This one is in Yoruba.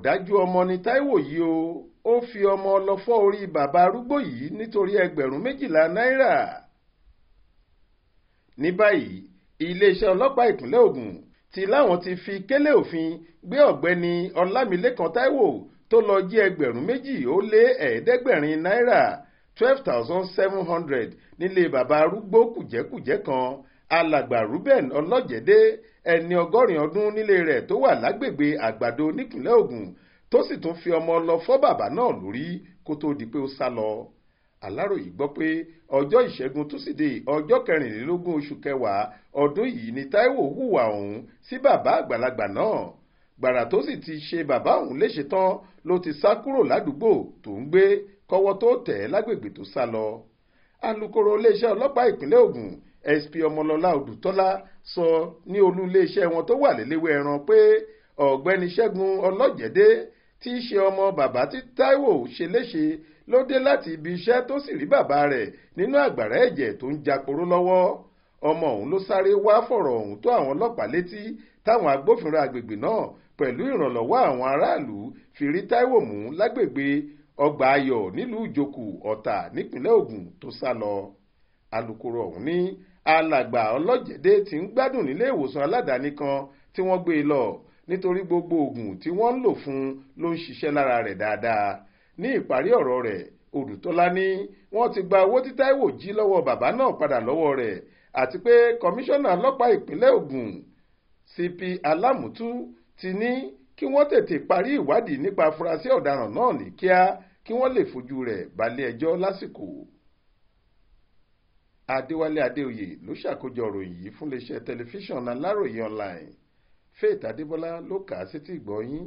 ọ̀dájú ọmọ ni Táíwò yìí o ó fi ọmọ lọ fọ́ orí bàbá arúgbó yìí nítorí ẹgbẹ̀rún méjìlá náírà ní báyìí iléeṣẹ́ ọlọ́pàá ìpínlẹ̀ Ògùn ti láwọn ti fi kélé òfin gbé ọ̀gbẹ́ni Ọlámilékan Táíwò tó lọ jí ẹgbẹ̀rún méjì ó lé ẹ̀ẹ́dẹ́gbẹ̀rin náírà twelve thousand seven hundred nílé bàbá arúgbó kùjẹ́kùjẹ́ kan alàgbà Ruben ọlọ́jẹ̀dẹ́ ẹni ọgọ́rin ọdún nílé rẹ̀ tó wà lágbègbè àgbàdo nípìnlẹ̀ Ògùn tó sì tún fi ọmọ lọ fọ́ bàbá náà lórí kó tó di pé ó sá lọ Aláròyé gbọ́ pé ọjọ́ ìṣẹ́gun túsídẹ̀ẹ́ ọjọ́ kẹrìnlélógún oṣù kẹwàá ọdún yìí ni Táíwò hùwà ọ̀hún sí bàbá àgbàlagbà náà gbàrà tó sì ti ṣe bàbá ọ̀hún léṣe tán ló ti sá kúrò ládùúgbò tó ń gbé kọ́wọ́ tó tẹ̀ lágbègbè tó sá lọ alukoro iléeṣẹ́ ọlọ́pàá ìpínlẹ̀ Ògùn sp ọmọlọlá odùtọ́lá sọ ní olú iléeṣẹ́ wọn tó wà lélẹ́wé ẹran pé ọ̀gbẹ́ni ṣẹ́gun ọlọ́jẹ̀dé tí í ṣe ọmọ bàbá tí táíwò ṣe léṣe ló dé láti ibi iṣẹ́ tó sì rí bàbá rẹ̀ nínú àgbàrá ẹ̀jẹ̀ tó ń jàporó lọ́wọ́ ọmọ ọ̀hún ló sáré wá fọ̀rọ̀ ọ̀hún tó àwọn ọlọ́pàá létí táwọn agbófinró agbègbè náà pẹ̀lú ìrànlọ́wọ́ àwọn aráàlú fi rí táíwò mú lágbègbè ọgbà ayọ̀ nílùú ìjòkù ọ̀tà nípínlẹ̀ ògùn tó sá lọ alūkkóró ọ̀hún ní alàgbà ọlọ́jẹ̀dẹ́ ti ń gbádùn nílé ìwòsàn aládàáni kan tí wọ́n gbé e lọ nítorí gbogbo oògùn tí wọ́n ń lò fún ló ń ṣiṣẹ́ lára rẹ̀ dáadáa ní ìparí ọ̀rọ̀ rẹ̀ Odùtọ́lá ní wọ́n ti gba owó tí Táíwò jí lọ́wọ́ bàbá náà padà lọ́wọ́ rẹ̀ àti pé kọmíṣánná ọlọ́pàá ìpínlẹ̀ Ògùn CP Alámùtú ti ní kí wọ́n tètè parí ìwádìí nípa afurasí ọ̀daràn náà ní kíá kí wọ́n lè fojú rẹ̀ balẹ̀-ẹjọ́ lásìkò adéwálé adéoyè ló ṣàkójọ ròyìn yìí fún iléeṣẹ́ tẹlifíṣàn aláròye online faith adébọlá ló kà á sétí ìgbọ́ yín